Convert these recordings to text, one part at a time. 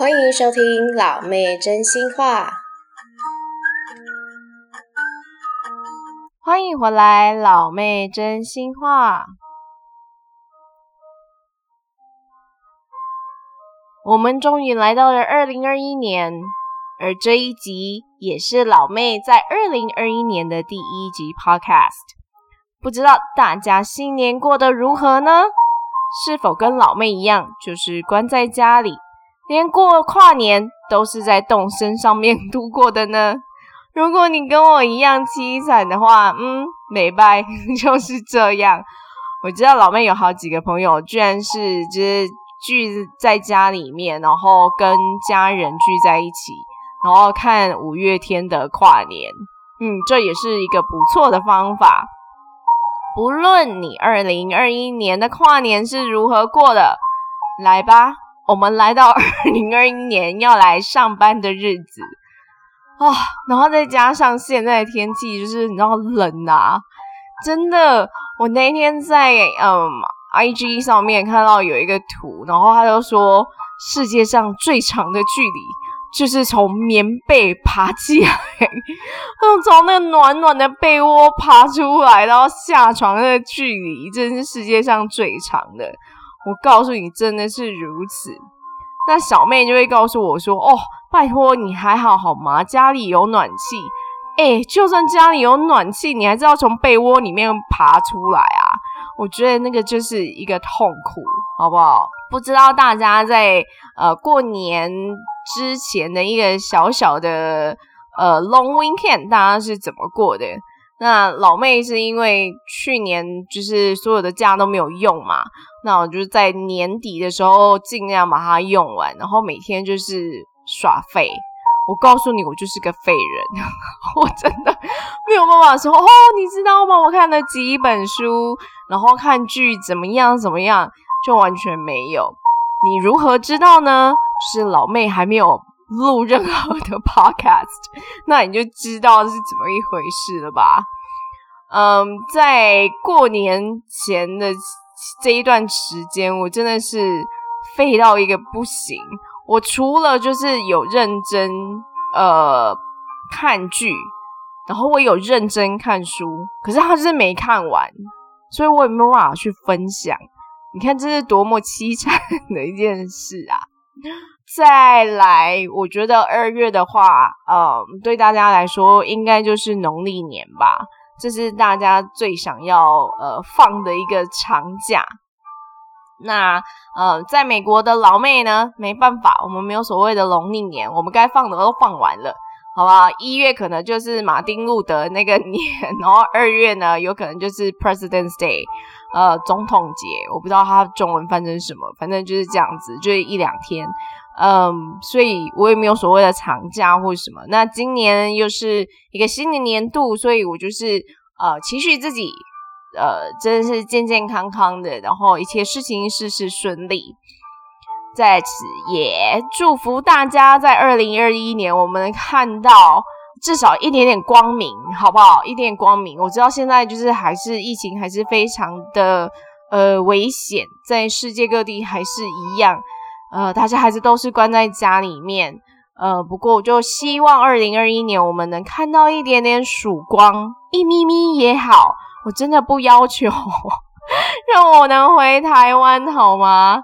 歡迎收聽老妹真心話，歡迎回來，老妹真心話。我們終於來到了二零二一年，而這一集也是老妹在二零二一年的第一集 Podcast。不知道大家新年過得如何呢？是否跟老妹一樣，就是關在家裡？連過跨年都是在動森上面度過的呢？如果你跟我一樣凄慘的話，嗯，美拜就是這樣。我知道老妹有好幾個朋友，居然是就是聚在家裡面，然後跟家人聚在一起，然後看五月天的跨年。嗯，這也是一個不錯的方法。不論你二零二一年的跨年是如何過的，來吧。我們來到二零二一年要來上班的日子啊，然後再加上現在的天氣就是你知道冷吶、啊，真的。我那天在嗯 IG 上面看到有一個圖，然後他就說世界上最長的距離就是從棉被爬起來，從 從那個暖暖的被窩爬出來，然後下床的距離，真是世界上最長的。我告訴你，真的是如此。那小妹就會告訴我說：“哦，拜託，你還好好嗎？家裡有暖氣，哎、欸，就算家裡有暖氣，你還是要從被窩裡面爬出來啊？我覺得那個就是一個痛苦，好不好？不知道大家在呃過年之前的一個小小的呃 long weekend，大家是怎麼過的？”那老妹是因為去年就是所有的假都沒有用嘛，那我就在年底的時候盡量把它用完，然後每天就是耍廢。我告訴你，我就是個廢人。 我真的沒有辦法說，哦，你知道嗎？我看了幾本書，然後看劇怎麼樣怎麼樣，就完全沒有。你如何知道呢？是老妹還沒有錄任何的 podcast，那你就知道是怎麼一回事了吧？嗯，在過年前的這一段時間，我真的是廢到一個不行。我除了就是有認真呃看劇，然後我有認真看書，可是他就是沒看完，所以我也沒有辦法去分享。你看這是多麼淒慘的一件事啊！再來，我覺得二月的話，呃、嗯，對大家來說應該就是農曆年吧。這是大家最想要呃放的一個長假。那呃，在美國的老妹呢，沒辦法，我們沒有所謂的農曆年，我們該放的都放完了，好吧？一月可能就是馬丁路德那個年，然後二月呢，有可能就是 President's Day，呃，總統節，我不知道它中文翻成什麼，反正就是這樣子，就是一兩天。嗯，所以我也沒有所謂的長假或者什麼。那今年又是一個新的年度，所以我就是呃，期許自己，呃，真的是健健康康的，然後一切事情事事順利。在此也祝福大家在二零二一年，我們能看到至少一點點光明，好不好？一點點光明。我知道現在就是還是疫情還是非常的呃危險，在世界各地還是一樣。呃，大家還是都是關在家裡面，呃，不過我就希望二零二一年我們能看到一點點曙光，一咪咪也好，我真的不要求， 讓我能回台灣好嗎？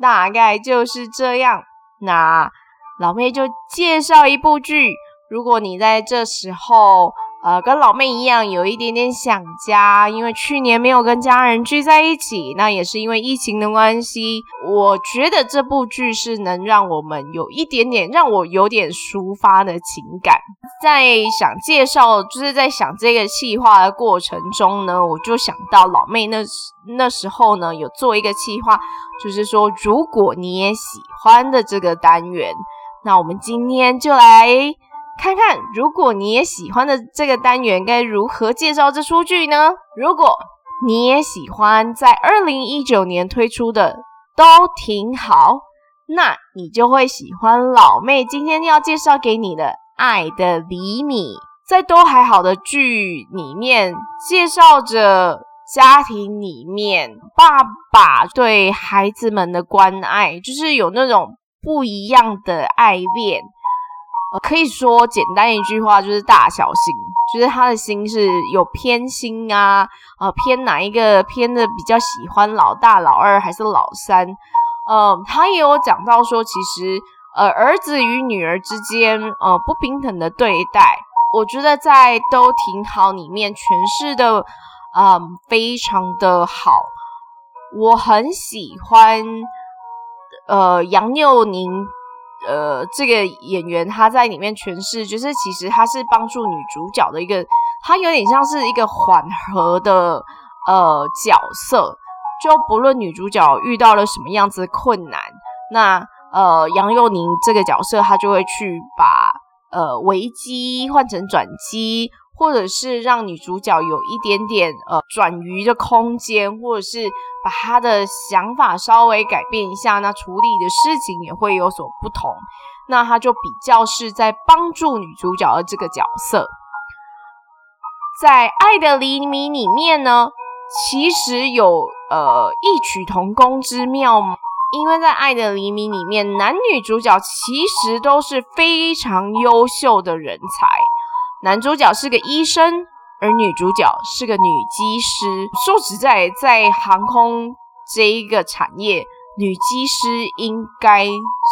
大概就是這樣。那老妹就介紹一部劇，如果你在這時候。呃，跟老妹一樣，有一點點想家，因為去年沒有跟家人聚在一起，那也是因為疫情的關係。我覺得這部劇是能讓我們有一點點，讓我有點抒發的情感。在想介紹，就是在想這個企劃的過程中呢，我就想到老妹那那時候呢有做一個企劃，就是說如果你也喜歡的這個單元，那我們今天就來。看看，如果你也喜歡的這個單元，該如何介紹這出劇呢？如果你也喜歡在二零一九年推出的《都挺好》，那你就會喜歡老妹今天要介紹給你的《愛的釐米》。在都還好的劇裡面，介紹着家庭裡面爸爸對孩子們的關愛，就是有那種不一樣的愛戀。呃、可以說簡單一句話，就是大小心，就是他的心是有偏心啊，呃，偏哪一個偏的比較喜歡老大、老二還是老三？嗯、呃，他也有講到說，其實呃兒子與女兒之間呃不平等的對待，我覺得在都挺好裡面詮釋的嗯、呃、非常的好，我很喜歡呃楊祐寧。呃，這個演員他在裡面詮釋，就是其實他是幫助女主角的一個，他有點像是一個緩和的呃角色。就不論女主角遇到了什麼樣子困難，那呃楊佑寧這個角色他就會去把呃危機換成轉機。或者是讓女主角有一點點呃轉移的空間，或者是把她的想法稍微改變一下，那處理的事情也會有所不同。那她就比較是在幫助女主角的這個角色。在《愛的釐米》裡面呢，其實有呃異曲同工之妙嗎？因為在《愛的釐米》裡面，男女主角其實都是非常優秀的人才。男主角是個醫生，而女主角是個女機師。說實在，在航空這一個產業，女機師應該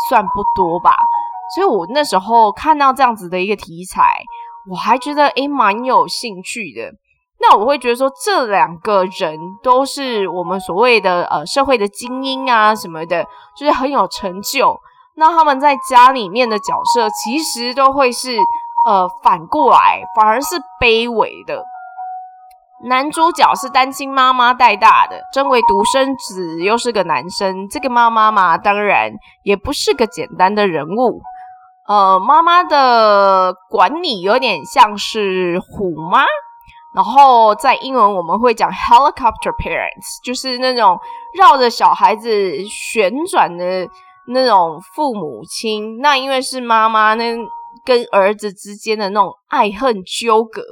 算不多吧？所以，我那時候看到這樣子的一個題材，我還覺得誒，蠻有興趣的。那我會覺得說，這兩個人都是我們所謂的呃社會的精英啊什麼的，就是很有成就。那他們在家裡面的角色，其實都會是。呃，反過來反而是卑微的。男主角是單親媽媽帶大的，身為獨生子又是個男生，這個媽媽嘛，當然也不是個簡單的人物。呃，媽媽的管理有點像是虎媽，然後在英文我們會講 helicopter parents，就是那種繞着小孩子旋轉的那種父母親。那因為是媽媽呢。那跟兒子之間的那種愛恨糾葛，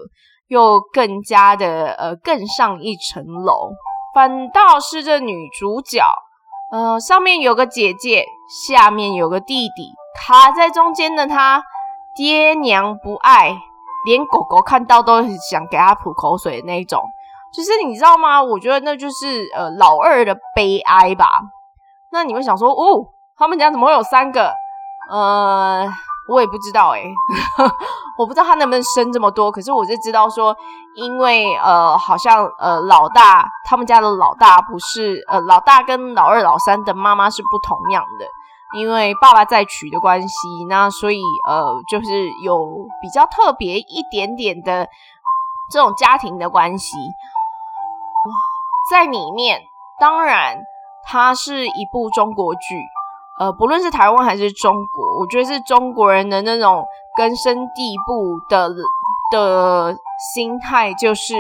又更加的呃更上一層樓。反倒是這女主角，呃，上面有個姐姐，下面有個弟弟，卡在中間的她，爹娘不愛，連狗狗看到都想給他吐口水的那種。就是你知道嗎？我覺得那就是呃老二的悲哀吧。那你會想說哦，他們家怎麼會有三個？呃。我也不知道誒、欸、我不知道他能不能生這麼多。可是我就知道說，因為呃，好像呃，老大他們家的老大不是呃，老大跟老二、老三的媽媽是不同樣的，因為爸爸再娶的關係。那所以呃，就是有比較特別一點點的這種家庭的關係。哇，在裡面，當然它是一部中國劇。呃，不論是台灣還是中國，我覺得是中國人的那種根深蒂固的的心態，就是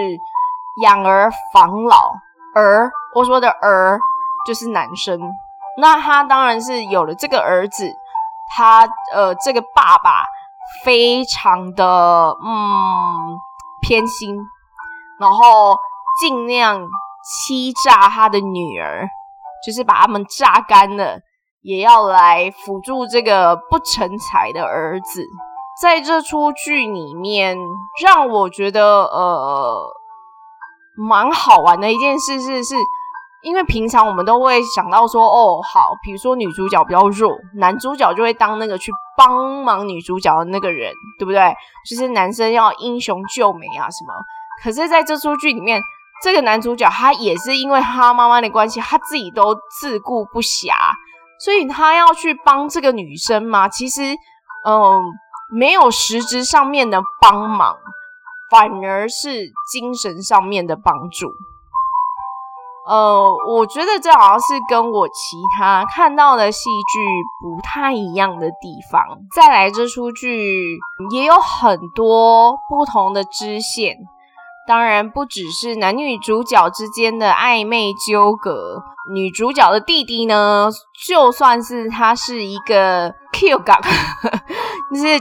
養兒防老。兒，我說的兒就是男生。那他當然是有了這個兒子，他呃，這個爸爸非常的嗯，偏心，然後盡量欺詐他的女兒，就是把他們榨乾了。也要來輔助這個不成才的兒子。在這出劇裡面，讓我覺得呃蠻好玩的一件事是，是因為平常我們都會想到說，哦好，比如說女主角比較弱，男主角就會當那個去幫忙女主角的那個人，對不對？就是男生要英雄救美啊什麼。可是在這出劇裡面，這個男主角他也是因為他媽媽的關係，他自己都自顧不暇。所以他要去幫這個女生嘛？其實，嗯、呃，沒有實質上面的幫忙，反而是精神上面的幫助。呃，我覺得這好像是跟我其他看到的戲劇不太一樣的地方。再來這劇，這出劇也有很多不同的支線。當然不只是男女主角之間的曖昧糾葛，女主角的弟弟呢，就算是他是一個 Q 港，就是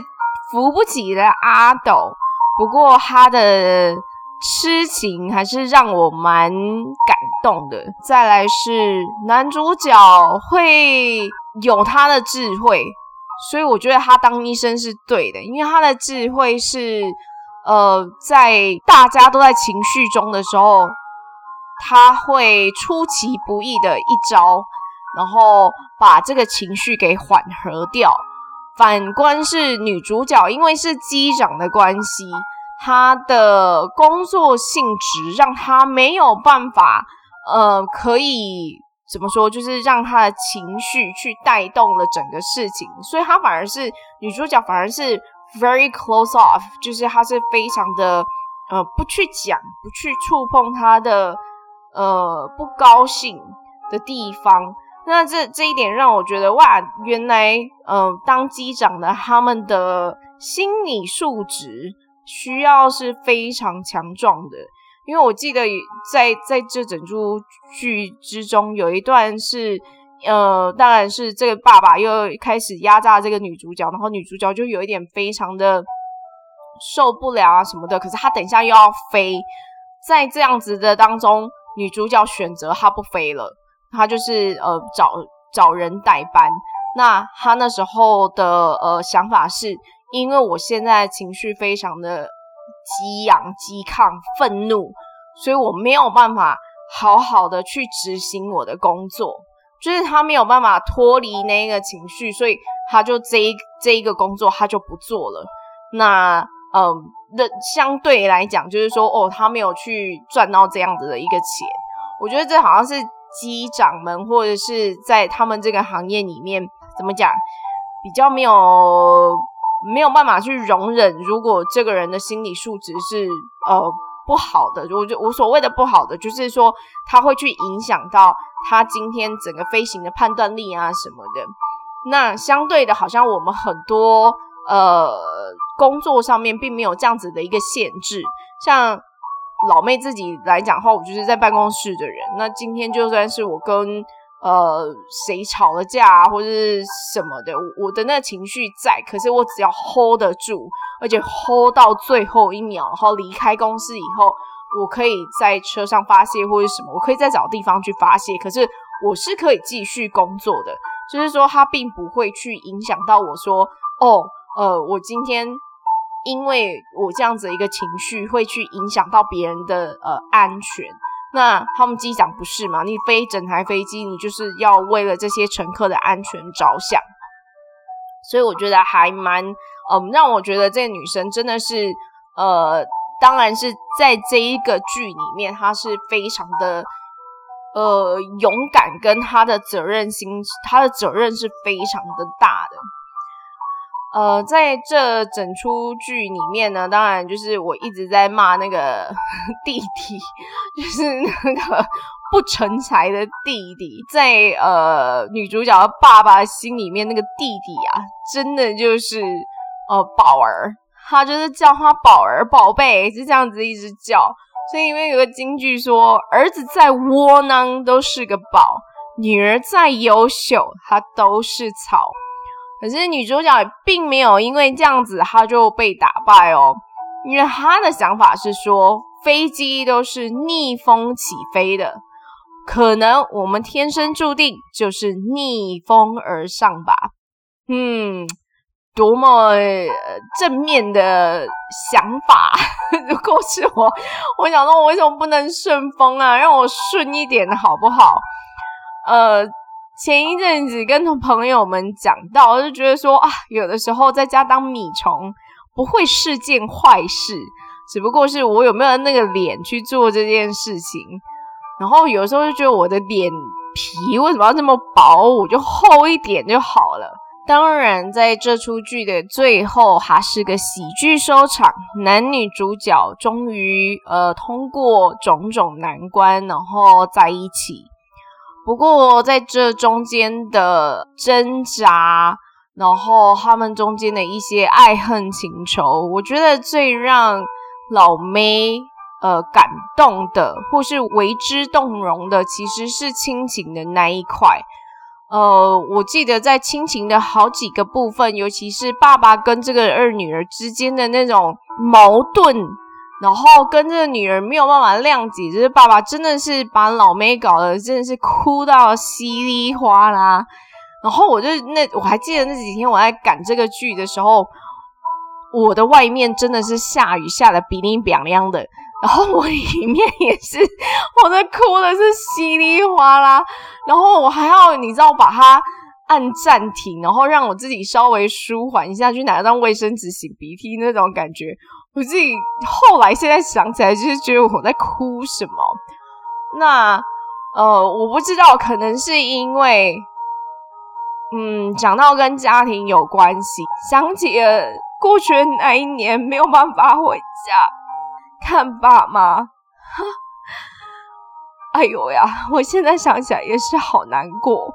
扶不起的阿斗。不過他的痴情還是讓我蠻感動的。再來是男主角會有他的智慧，所以我覺得他當醫生是對的，因為他的智慧是。呃，在大家都在情緒中的時候，他會出其不意的一招，然後把這個情緒給緩和掉。反觀是女主角，因為是機長的關係，她的工作性質讓她沒有辦法，呃，可以怎麼說，就是讓她的情緒去帶動了整個事情，所以她反而是，女主角反而是。Very close off，就是他是非常的，呃，不去講，不去觸碰他的，呃，不高興的地方。那這這一點讓我覺得，哇，原來，呃，當機長的他們的心理素質需要是非常強壯的。因為我記得在在這整出劇之中，有一段是。呃，當然是這個爸爸又開始壓榨這個女主角，然後女主角就有一點非常的受不了啊什麼的。可是她等一下又要飛，在這樣子的當中，女主角選擇她不飛了，她就是呃找找人代班。那她那時候的呃想法是，因為我現在情緒非常的激昂、激亢、憤怒，所以我沒有辦法好好的去執行我的工作。就是他沒有辦法脫離那一個情緒，所以他就這一這一個工作他就不做了。那嗯，那、呃、相對來講，就是說哦，他沒有去賺到這樣子的一個錢。我覺得這好像是機長們或者是在他們這個行業裡面，怎麼講，比較沒有沒有辦法去容忍。如果這個人的心理素質是呃不好的，我就我所謂的不好的，就是說他會去影響到。他今天整個飛行的判斷力啊什麼的，那相對的，好像我們很多呃工作上面並沒有這樣子的一個限製。像老妹自己來講的話，我就是在辦公室的人。那今天就算是我跟呃誰吵了架啊，或者是什麼的，我，我的那個情緒在，可是我只要 hold 得住，而且 hold 到最後一秒，然後離開公司以後，我可以在車上發洩或者什麼，我可以再找地方去發洩。可是我是可以繼續工作的，就是說他並不會去影響到我說，哦，呃，我今天因為我這樣子的一個情緒會去影響到別人的呃安全。那他們機長不是嘛？你飛整台飛機，你就是要為了這些乘客的安全着想。所以我覺得還蠻，嗯，讓我覺得這女生真的是，呃。當然是在這一個劇裡面，他是非常的，呃，勇敢跟他的責任心，他的責任是非常的大的。呃，在這整出劇裡面呢，當然就是我一直在罵那個弟弟，就是那個不成才的弟弟，在呃女主角的爸爸的心裡面，那個弟弟啊，真的就是呃寶兒。他就是叫他寶兒寶貝，就這樣子一直叫。所以因為有個金句說，兒子再窩囊都是個寶，女兒再優秀她都是草。可是女主角也並沒有因為這樣子，她就被打敗哦。因為她的想法是說，飛機都是逆風起飛的，可能我們天生注定就是逆風而上吧。嗯。多麼正面的想法！ 如果是我，我想說我為什麼不能順風啊？讓我順一點的好不好？呃，前一陣子跟朋友們講到，就覺得說啊，有的時候在家當米蟲不會是件壞事，只不過是我有沒有那個臉去做這件事情。然後有的時候就覺得我的臉皮為什麼要這麼薄？我就厚一點就好了。當然，在這出劇的最後還是個喜劇收場，男女主角終於呃通過種種難關，然後在一起。不過在這中間的掙扎，然後他們中間的一些愛恨情仇，我覺得最讓老妹呃感動的或是為之動容的，其實是親情的那一塊。呃，我記得在親情的好幾個部分，尤其是爸爸跟這個二女兒之間的那種矛盾，然後跟這個女兒沒有辦法諒解，就是爸爸真的是把老妹搞得真的是哭到稀里嘩啦。然後我就那我還記得那幾天我在趕這個劇的時候，我的外面真的是下雨下得冰冰涼涼的。然後我裡面也是，我在哭的是稀里嘩啦，然後我還要你知道把它按暫停，然後讓我自己稍微舒緩一下，去拿張衛生紙擤鼻涕那種感覺。我自己後來現在想起來，就是覺得我在哭什麼？那呃，我不知道，可能是因為，嗯，講到跟家庭有關係，想起了過去的那一年沒有辦法回家。看爸媽，哎呦呀！我現在想起來也是好難過。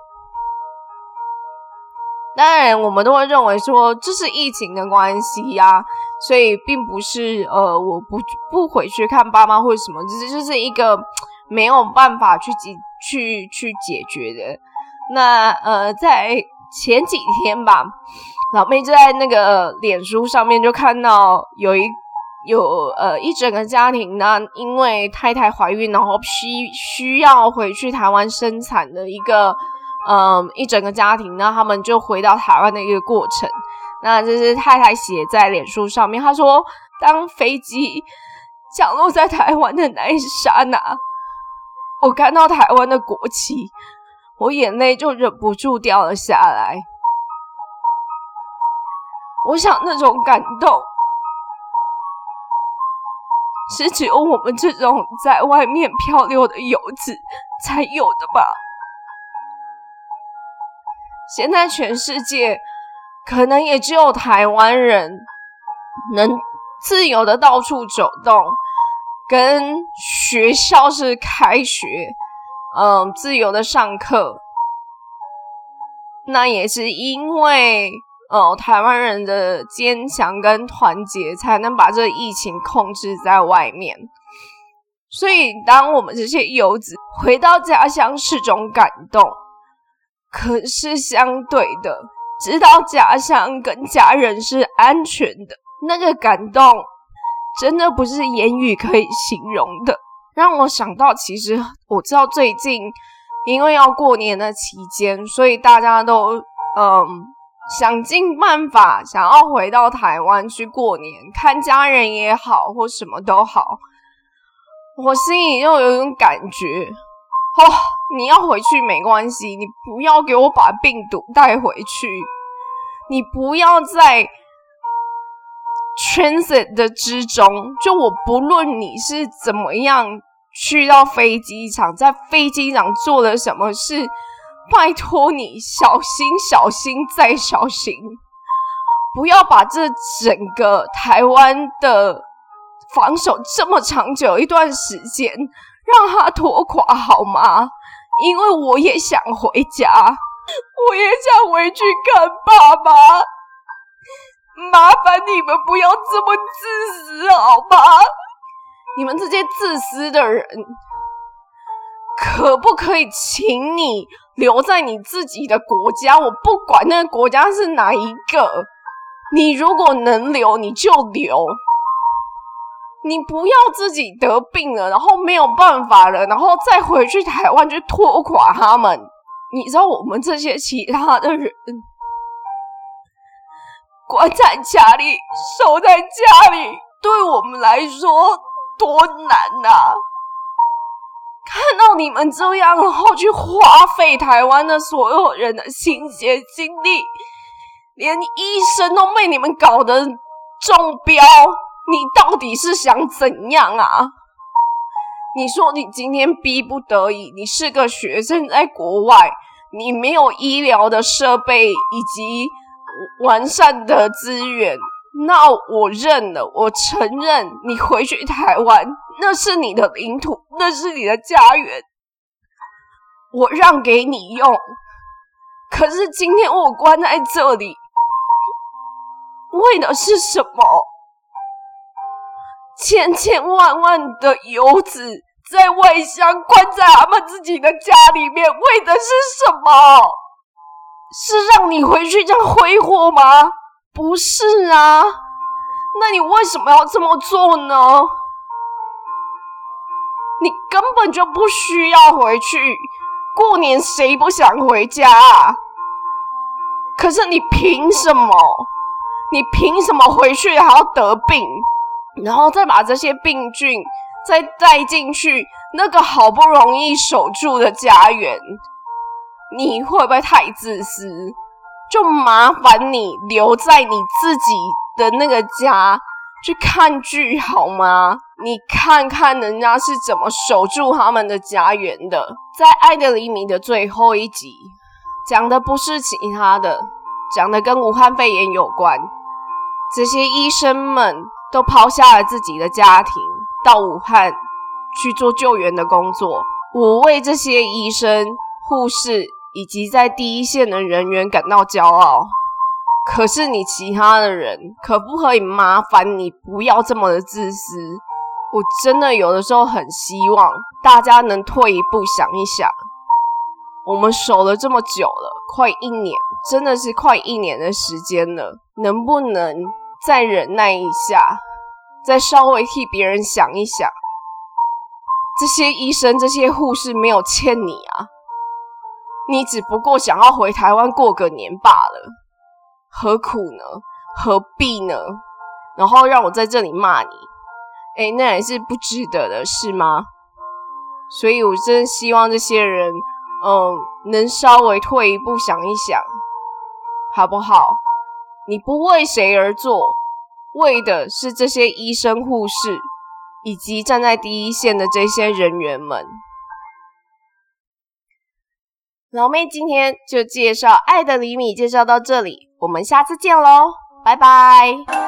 當然，我們都會認為說這是疫情的關係呀，啊，所以並不是呃，我不不回去看爸媽或者什麼，這這就是一個沒有辦法去解去去解決的。那呃，在前幾天吧，老妹就在那個臉書上面就看到有一。有呃，一整個家庭呢，因為太太懷孕，然後需需要回去台灣生產的一個嗯、呃、一整個家庭呢，他們就回到台灣的一個過程。那這是太太寫在臉書上面，她說：“當飛機降落在台灣的那一剎那，啊，我看到台灣的國旗，我眼淚就忍不住掉了下來。我想那種感動。”是只有我們這種在外面漂流的遊子才有的吧？現在全世界可能也只有台灣人能自由的到處走動，跟學校是開學，嗯，自由的上課。那也是因為。哦、呃，台灣人的堅強跟團結，才能把這個疫情控制在外面。所以，當我們這些遊子回到家鄉是種感動，可是相對的，知道家鄉跟家人是安全的，那個感動真的不是言語可以形容的。讓我想到，其實我知道最近因為要過年的期間，所以大家都，嗯。想盡辦法，想要回到台灣去過年，看家人也好，或什麼都好，我心裡又有一種感覺，哦，你要回去沒關係，你不要給我把病毒帶回去，你不要在 transit 的之中，就我不論你是怎麼樣，去到飛機場，在飛機場做了什麼事。拜託你小心、小心再小心，不要把這整個台灣的防守這麼長久一段時間讓他拖垮好嗎？因為我也想回家，我也想回去看爸爸。麻煩你們不要這麼自私好嗎？你們這些自私的人，可不可以請你？留在你自己的國家，我不管那個國家是哪一個。你如果能留，你就留。你不要自己得病了，然後沒有辦法了，然後再回去台灣去拖垮他們。你知道我們這些其他的人關在家裡、守在家裡，對我們來說多難吶、啊！看到你們這樣，然後去花費台灣的所有人的心血精力，連醫生都被你們搞得中標，你到底是想怎樣啊？你說你今天逼不得已，你是個學生，在國外，你沒有醫療的設備以及完善的資源，那我認了，我承認，你回去台灣。那是你的領土，那是你的家園。我讓給你用，可是今天我關在這裡，為的是什麼？千千萬萬的遊子在外鄉關在他們自己的家裡面，為的是什麼？是讓你回去這樣揮霍嗎？不是啊，那你為什麼要這麼做呢？你根本就不需要回去，過年誰不想回家啊？可是你憑什麼？你憑什麼回去還要得病，然後再把這些病菌再帶進去那個好不容易守住的家園？你會不會太自私？就麻煩你留在你自己的那個家去看劇好嗎？你看看人家是怎麼守住他們的家園的。在《愛的釐米》的最後一集，講的不是其他的，講的跟武漢肺炎有關。這些醫生們都拋下了自己的家庭，到武漢去做救援的工作。我為這些醫生、護士以及在第一線的人員感到驕傲。可是你其他的人，可不可以麻煩你不要這麼的自私？我真的有的時候很希望大家能退一步想一想，我們守了這麼久了，快一年，真的是快一年的時間了，能不能再忍耐一下，再稍微替別人想一想？這些醫生、這些護士沒有欠你啊，你只不過想要回台灣過個年罷了，何苦呢？何必呢？然後讓我在這裡罵你。哎，那也是不值得的，是嗎？所以我真希望這些人，嗯，能稍微退一步想一想，好不好？你不為誰而做，為的是這些醫生、護士，以及站在第一線的這些人員們。老妹，今天就介紹《愛的釐米》介紹到這裡，我們下次見嘍，拜拜。